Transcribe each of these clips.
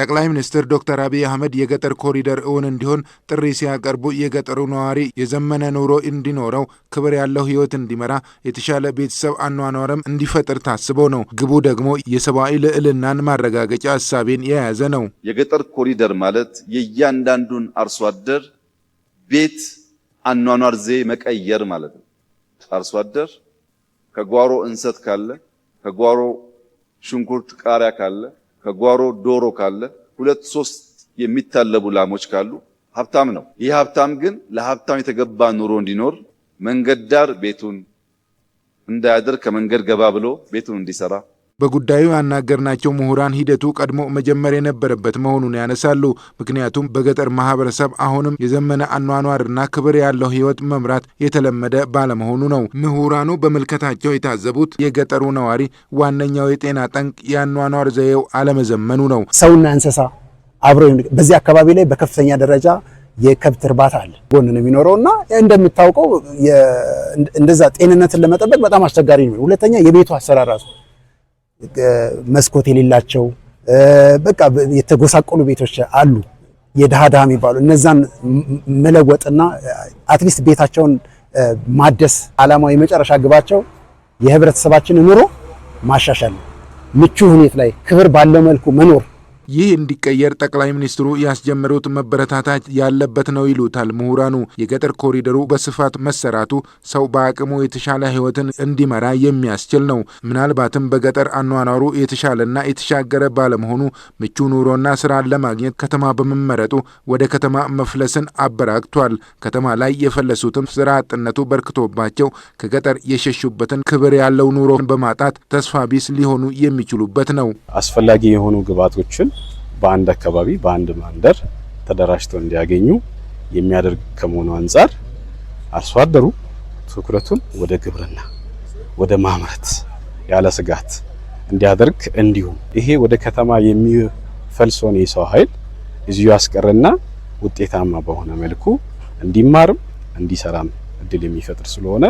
ጠቅላይ ሚኒስትር ዶክተር አብይ አህመድ የገጠር ኮሪደር እውን እንዲሆን ጥሪ ሲያቀርቡ የገጠሩ ነዋሪ የዘመነ ኑሮ እንዲኖረው ክብር ያለው ሕይወት እንዲመራ የተሻለ ቤተሰብ አኗኗርም እንዲፈጥር ታስቦ ነው። ግቡ ደግሞ የሰብአዊ ልዕልናን ማረጋገጫ ሀሳቤን የያዘ ነው። የገጠር ኮሪደር ማለት የእያንዳንዱን አርሶ አደር ቤት አኗኗር ዘዬ መቀየር ማለት ነው። አርሶ አደር ከጓሮ እንሰት ካለ ከጓሮ ሽንኩርት ቃሪያ ካለ ከጓሮ ዶሮ ካለ ሁለት ሶስት የሚታለቡ ላሞች ካሉ ሀብታም ነው። ይህ ሀብታም ግን ለሀብታም የተገባ ኑሮ እንዲኖር መንገድ ዳር ቤቱን እንዳያድር ከመንገድ ገባ ብሎ ቤቱን እንዲሰራ በጉዳዩ ያናገርናቸው ምሁራን ሂደቱ ቀድሞ መጀመር የነበረበት መሆኑን ያነሳሉ። ምክንያቱም በገጠር ማህበረሰብ አሁንም የዘመነ አኗኗርና ክብር ያለው ህይወት መምራት የተለመደ ባለመሆኑ ነው። ምሁራኑ በምልከታቸው የታዘቡት የገጠሩ ነዋሪ ዋነኛው የጤና ጠንቅ የአኗኗር ዘዬው አለመዘመኑ ነው። ሰውና እንስሳ አብረው በዚህ አካባቢ ላይ በከፍተኛ ደረጃ የከብት እርባታ አለ ጎን ነው የሚኖረው እና እንደምታውቀው እንደዛ ጤንነትን ለመጠበቅ በጣም አስቸጋሪ ነው። ሁለተኛ የቤቱ አሰራር ራሱ መስኮት የሌላቸው በቃ የተጎሳቆሉ ቤቶች አሉ፣ የድሃ ድሃ የሚባሉ እነዛን መለወጥና አትሊስት ቤታቸውን ማደስ አላማው የመጨረሻ ግባቸው የህብረተሰባችን ኑሮ ማሻሻል ምቹ ሁኔታ ላይ ክብር ባለው መልኩ መኖር ይህ እንዲቀየር ጠቅላይ ሚኒስትሩ ያስጀመሩት መበረታታት ያለበት ነው ይሉታል ምሁራኑ። የገጠር ኮሪደሩ በስፋት መሰራቱ ሰው በአቅሙ የተሻለ ህይወትን እንዲመራ የሚያስችል ነው። ምናልባትም በገጠር አኗኗሩ የተሻለና የተሻገረ ባለመሆኑ ምቹ ኑሮና ስራን ለማግኘት ከተማ በመመረጡ ወደ ከተማ መፍለስን አበራክቷል። ከተማ ላይ የፈለሱትም ስራ አጥነቱ በርክቶባቸው ከገጠር የሸሹበትን ክብር ያለው ኑሮን በማጣት ተስፋ ቢስ ሊሆኑ የሚችሉበት ነው። አስፈላጊ የሆኑ ግብዓቶችን በአንድ አካባቢ በአንድ ማንደር ተደራጅተው እንዲያገኙ የሚያደርግ ከመሆኑ አንጻር አርሶ አደሩ ትኩረቱን ወደ ግብርና ወደ ማምረት ያለ ስጋት እንዲያደርግ እንዲሁም ይሄ ወደ ከተማ የሚፈልሰውን የሰው ኃይል እዚሁ ያስቀርና ውጤታማ በሆነ መልኩ እንዲማርም እንዲሰራም እድል የሚፈጥር ስለሆነ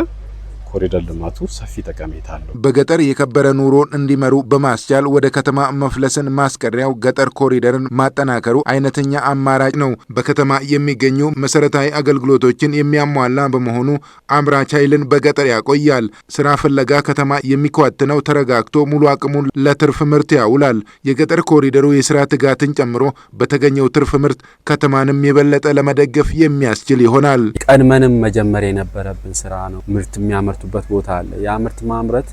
የኮሪደር ልማቱ ሰፊ ጠቀሜታ አለው። በገጠር የከበረ ኑሮን እንዲመሩ በማስቻል ወደ ከተማ መፍለስን ማስቀሪያው ገጠር ኮሪደርን ማጠናከሩ አይነተኛ አማራጭ ነው። በከተማ የሚገኙ መሰረታዊ አገልግሎቶችን የሚያሟላ በመሆኑ አምራች ኃይልን በገጠር ያቆያል። ስራ ፍለጋ ከተማ የሚኳትነው ተረጋግቶ ሙሉ አቅሙን ለትርፍ ምርት ያውላል። የገጠር ኮሪደሩ የስራ ትጋትን ጨምሮ በተገኘው ትርፍ ምርት ከተማንም የበለጠ ለመደገፍ የሚያስችል ይሆናል። ቀድመንም መጀመር የነበረብን ስራ ነው። ምርት የሚያመርቱ የሚያመርቱበት ቦታ አለ። ያ ምርት ማምረት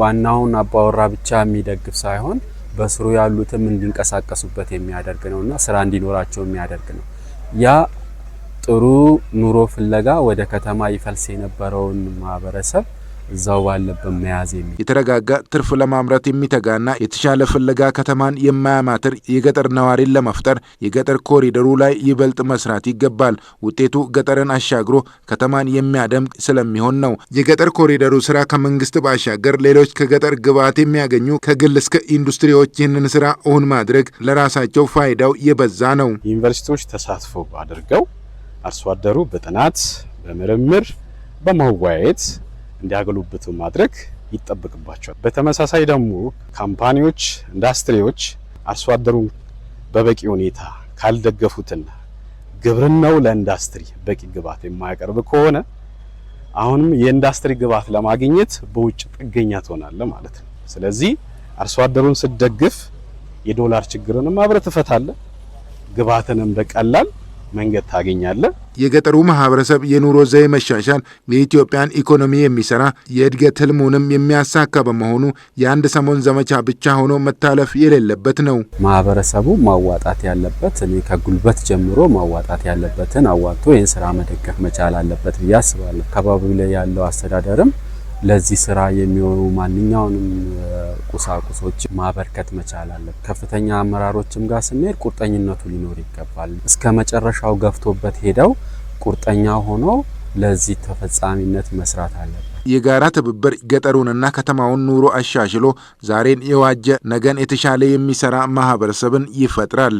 ዋናውን አባወራ ብቻ የሚደግፍ ሳይሆን በስሩ ያሉትም እንዲንቀሳቀሱበት የሚያደርግ ነው እና ስራ እንዲኖራቸው የሚያደርግ ነው። ያ ጥሩ ኑሮ ፍለጋ ወደ ከተማ ይፈልስ የነበረውን ማህበረሰብ እዛው ባለበት መያዝ የሚ የተረጋጋ ትርፍ ለማምረት የሚተጋና የተሻለ ፍለጋ ከተማን የማያማትር የገጠር ነዋሪን ለመፍጠር የገጠር ኮሪደሩ ላይ ይበልጥ መስራት ይገባል። ውጤቱ ገጠርን አሻግሮ ከተማን የሚያደምቅ ስለሚሆን ነው። የገጠር ኮሪደሩ ስራ ከመንግስት ባሻገር ሌሎች ከገጠር ግብዓት የሚያገኙ ከግል እስከ ኢንዱስትሪዎች ይህንን ስራ እውን ማድረግ ለራሳቸው ፋይዳው የበዛ ነው። ዩኒቨርሲቲዎች ተሳትፎ አድርገው አርሶ አደሩ በጥናት በምርምር በማዋየት እንዲያገሉበት ማድረግ ይጠበቅባቸዋል። በተመሳሳይ ደግሞ ካምፓኒዎች፣ ኢንዳስትሪዎች አርሶ አደሩን በበቂ ሁኔታ ካልደገፉትና ግብርናው ለኢንዳስትሪ በቂ ግብዓት የማያቀርብ ከሆነ አሁንም የኢንዳስትሪ ግብዓት ለማግኘት በውጭ ጥገኛ ትሆናለ ማለት ነው። ስለዚህ አርሶ አደሩን ስደግፍ የዶላር ችግርንም አብረ ትፈታለ ግብዓትንም በቀላል መንገድ ታገኛለ የገጠሩ ማህበረሰብ የኑሮ ዘዬ መሻሻል የኢትዮጵያን ኢኮኖሚ የሚሰራ የእድገት ህልሙንም የሚያሳካ በመሆኑ የአንድ ሰሞን ዘመቻ ብቻ ሆኖ መታለፍ የሌለበት ነው። ማህበረሰቡ ማዋጣት ያለበት እኔ ከጉልበት ጀምሮ ማዋጣት ያለበትን አዋጥቶ ይህን ስራ መደገፍ መቻል አለበት ብዬ አስባለሁ። አካባቢው ላይ ያለው አስተዳደርም ለዚህ ስራ የሚሆኑ ማንኛውንም ቁሳቁሶች ማበርከት መቻል አለብን። ከፍተኛ አመራሮችም ጋር ስንሄድ ቁርጠኝነቱ ሊኖር ይገባል። እስከ መጨረሻው ገፍቶበት ሄደው ቁርጠኛ ሆኖ ለዚህ ተፈጻሚነት መስራት አለበት። የጋራ ትብብር ገጠሩንና ከተማውን ኑሮ አሻሽሎ ዛሬን የዋጀ ነገን የተሻለ የሚሰራ ማህበረሰብን ይፈጥራል።